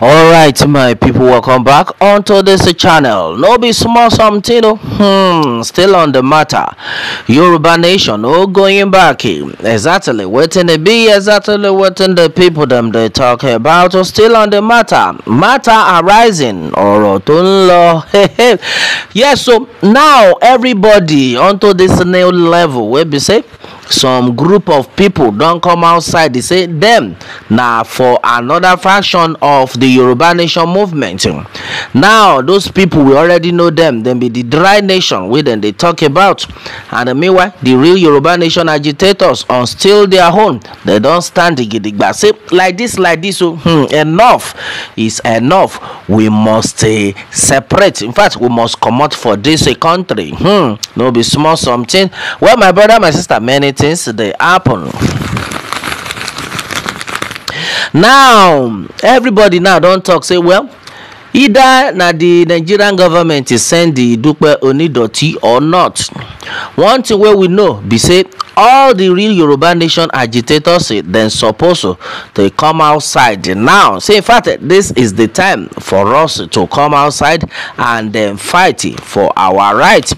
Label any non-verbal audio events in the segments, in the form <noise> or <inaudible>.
all right my people welcome back onto this channel no be small something no? Oh, hmm still on the matter yoruba nation no going back eh? exactly waiting to be exactly waiting the people them they talk about oh, still on the matter matter arising or <laughs> yes so now everybody onto this new level where be safe some group of people don come outside dey say dem na for another faction of the yoruba nation movement now those people we already know dem dem be the dry nation wey dem dey talk about and meanwhile the real yoruba nation agitators on still their own dem don stand gidigba say like this, like this. o oh, hmm, enough is enough we must uh, separate in fact we must comot for this uh, country hmm, no be small something well my brother my sister many things they happen. now everybody now don't talk say well either na the nigerian government send di dupe onidoti or not one thing where we know be say all the real Yoruba nation agitators then supposed to come outside now. So in fact, this is the time for us to come outside and then fight for our right.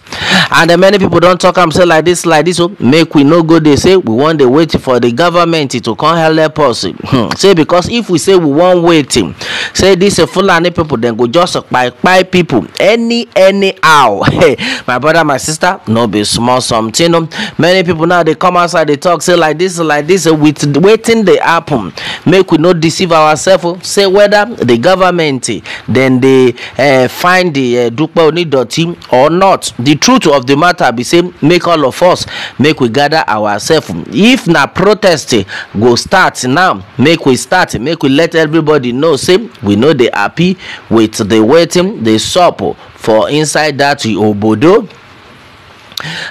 And then many people don't talk and say like this, like this. So oh, make we no go. They say we want to wait for the government to come help us. Hmm. say because if we say we want waiting, say this a Fulani people then go just by by people any anyhow. <laughs> Hey, my brother, my sister, no be small something. Many people now They come outside They talk say like this. like this. with waiting, they happen make we not deceive ourselves oh. say whether the government then they uh, find the uh, dupe onidoti or not the truth of the matter be same. make all of us make we gather ourselves if na protest go start now make we start make we let everybody know say we know they happy with the waiting, the sup for inside that obodo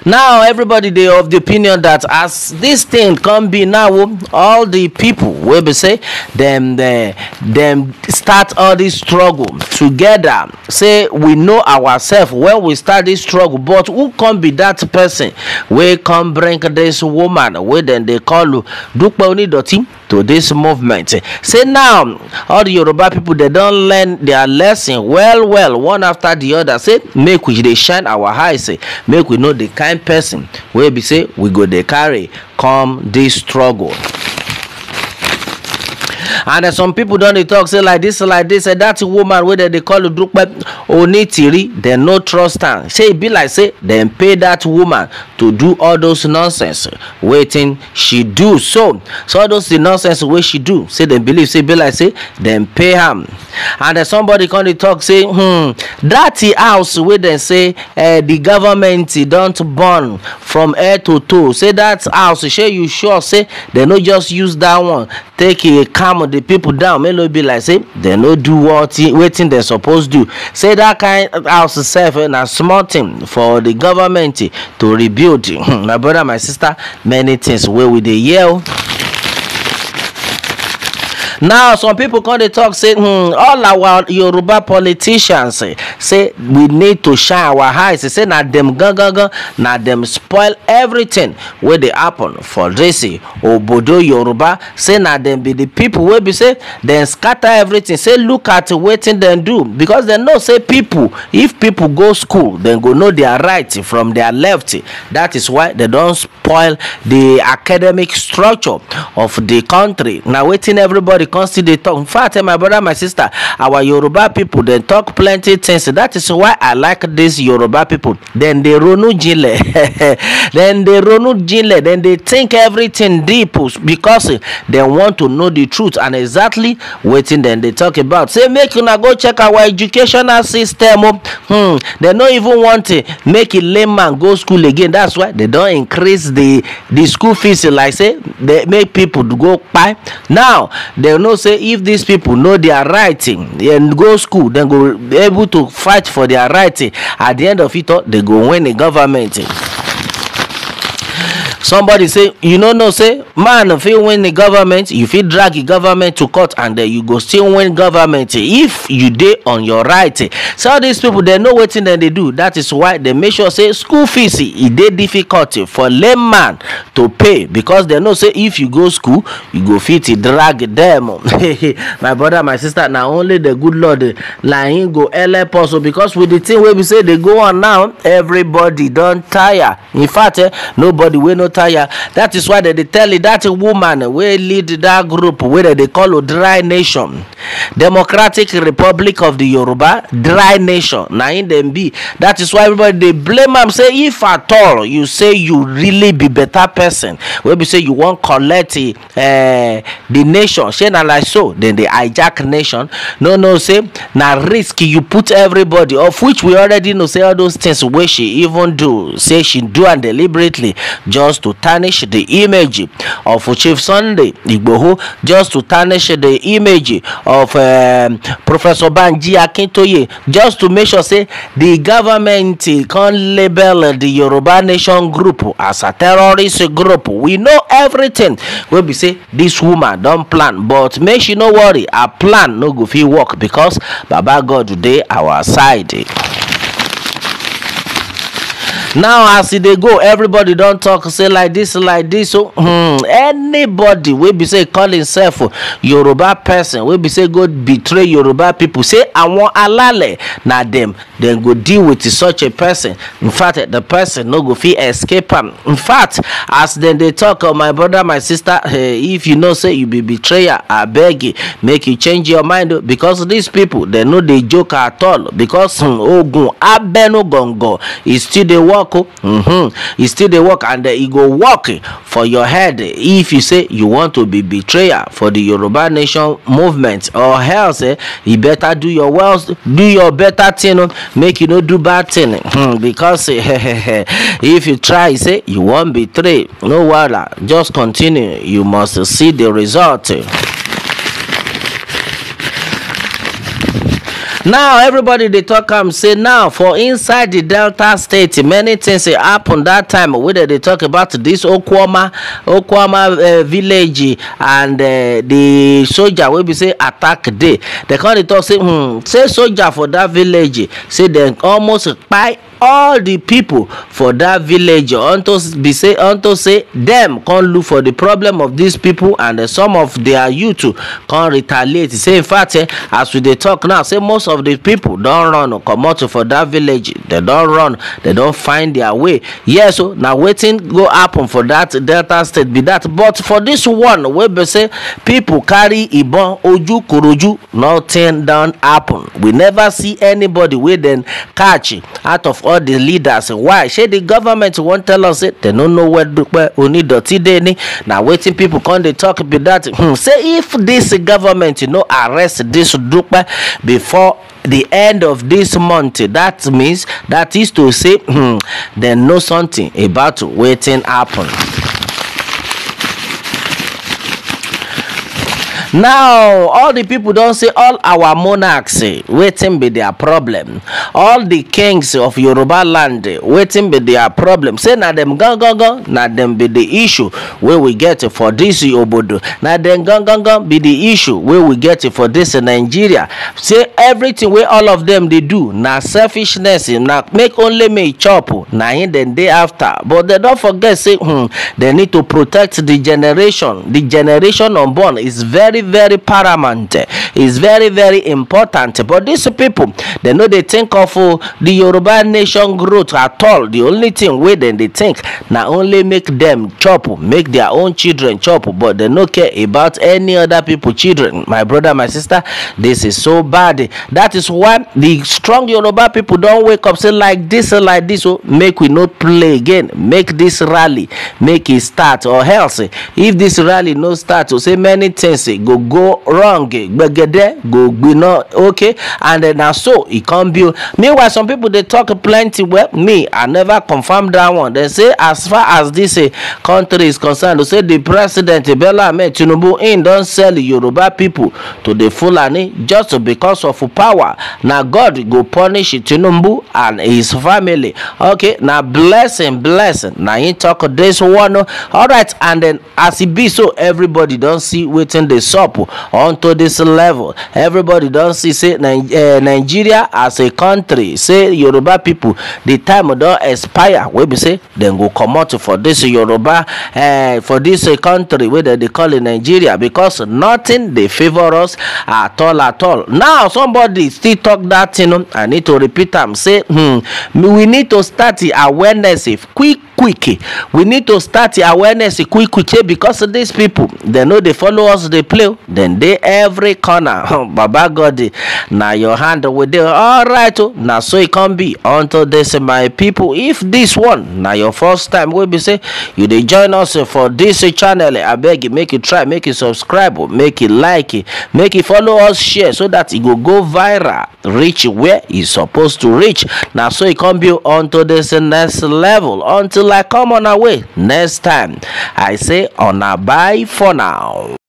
now everybody dey of the opinion that as this thing come be now all the people wey be say dem dem start all this struggle together. say we know ourselves when we start this struggle but who come be that person wey come bring this woman wey dem dey call dupe onidoti to this movement. Say now, all the Yoruba people they don't learn their lesson well well one after the other. Say make we dey shine our eyes, Say make we know the kind person wey be say we go dey carry come this struggle and some people don dey tok say like this like dis eh, that woman wey dem dey call udrupe onitiri dem no trust am say e be like say dem pay that woman to do all those nonsense wetin she do so so all those di nonsense wey she do say dem believe say e be like say dem pay am and somebody come dey talk say hmm that house wey dem say eh, the government don burn from head to toe say that house shey you sure say dem no just use that one take calm the people down may no be like say they no do what waiting they suppose do say that kind house sef eh, a small thing for the government to rebuild <laughs> my brother my sister many things where we they yell. Oh. now some people come to talk say hmm all our yoruba politicians eh, say we need to shine our eyes he say na dem gangan na dem spoil everything wey dey happen for dis obodo yoruba say na dem be the people wey be say dem scatter everything say look at wetin dem do because dem know say people. if people go school dem go know their right from their left that is why dem don spoil the academic structure of the country na wetin everybody come still dey talk in fact eh, my brother my sister our yoruba people, dem talk plenty things yes that is why i like these yoruba people then they ronu jinle <laughs> then they ronu jinle then they think everything deep because they want to know the truth and exactly wetin dem dey talk about say make una go check our educational system o oh. hmm, dem no even want make a layman go school again that's why they don increase the the school fees like say they make people go kpai now dem know say if these people know their writing, and go school dem go able to fight for their rights. Eh, at the end of it all they go win the government. Eh somebody say you no know say man fit win the government you fit drag the government to court and then you go still win government if you dey on your right so all these people dem know wetin dem dey do that is why dem make sure say school fees e dey difficult for layman to pay because dem know say if you go school you go fit drag dem <laughs> my brother my sister na only the good lord na him go help us o because with the thing wey be say dey go on now everybody don tire in fact eh, nobody wey no attire that is why they dey tell you that woman wey lead that group wey dem dey call dry nation democratic republic of the yoruba dry nation na im dem be that is why everybody dey blame am say if at all you say you really be better person wey be say you wan collect uh, the nation shey na like so dem dey hijack nation no no say na risk you put everybody of which we already know say all those things wey she even do say she do am deliberately just to tarnish the image of Chief Sunday Igboho, just to tarnish the image of um, Professor Banji Akintoye, just to make sure say the government can label the Yoruba Nation group as a terrorist group. We know everything. Wey be say this woman don plan, but make she no worry, her plan no go fit work because Baba God dey our side now as e dey go everybody don talk say like this, like this. so oh, hmm, anybody wey be say call himself yoruba person wey be say go betray yoruba people. say awon alale na dem dem go deal with such a person in fact the person no go fit escape am in fact as dem dey tok oh, my brother my sister <laughs> eh, if you know say you be betrayer abeg make you change your mind oh, because these people dem no dey joke at all because hmm, ogun abenu gongo e still dey work work o mm -hmm. e still dey work and uh, e go work for your head if you say you want to be betrayer for the yoruba nation movement or else uh, you better do your well do your better thing uh, make you no do bad thing hmm, because <laughs> if you try say you wan betray no wahala just continue you must see the result. now everybody dey talk am say now for inside the delta state many things dey happen that time wey dem dey talk about dis okwama okwama uh, village and uh, the soldier wey be say attack dey dem come dey talk say hmm say soldier for that village say dem almost kpai all the people for that village unto be say unto say them come look for the problem of these people and uh, some of their youth come retaliate say in fact eh, as we dey talk now say most of the people don run comot for that village They don run They don find their way yes o oh, na wetin go happen for that delta state be that but for this one wey be say people carry ibon oju koroju nothing don happen we never see anybody wey dem catch out of all the leaders why shey the government wan tell us say They no know where dupe onidoti dey ni na wetin people come dey talk be dat hmm, say if this government you no know, arrest dis dupe before the end of this month that means that is to say hmm, dem know something about wetin happen. now all the people don't say all our monarchs eh, waiting be their problem all the kings of yoruba land eh, waiting be their problem say na go go. na them be the issue where we get for this obodo na go go be the issue where we get for this nigeria say everything where all of them they do na selfishness eh, na make only me chop oh, na in the day after but they don't forget say hmm, They need to protect the generation the generation unborn is very very paramount is very very important but these people they no dey think of uh, the yoruba nation growth at all the only thing wey dem dey think na only make dem chop make their own children chop but dem no care about any other people children my brother my sister this is so bad that is why the strong yoruba people don wake up say like this oh, like this o oh, make we no play again make this rally make e start or else if this rally no start o say many things go go wrong gbege there go gbina okay and then na so e come build meanwhile some people dey talk plenty well me i never confirm that one dem say as far as dis eh, country is concerned say di president bella ahmed tinubu im don sell yoruba pipo to di fulani just because of power na god go punish tinubu and his family okay na blessing blessing na him talk dis one oh. alright and then as e be so everybody don see wetin dey sup onto dis level level everybody don see say eh, nigeria as a country say yoruba pipo di time don expire wey be say dem go comot for dis yoruba eh, for dis country wey dem dey call nigeria because nothing dey favour us at all at all now somebody still talk dat thing. Oh. i need to repeat am say hmm, we need to start awareness quick quick we need to start the awareness quick quick because these people they know they follow us they play then they every corner <laughs> baba god now your hand with them all right oh, now so it can be until this my people if this one now your first time will be say you they join us for this channel i beg you make it try make it subscribe oh, make it like it make it follow us share so that it will go viral reach where it's supposed to reach now so it can be until this next level until till I come on our way next time. I say on a bye for now.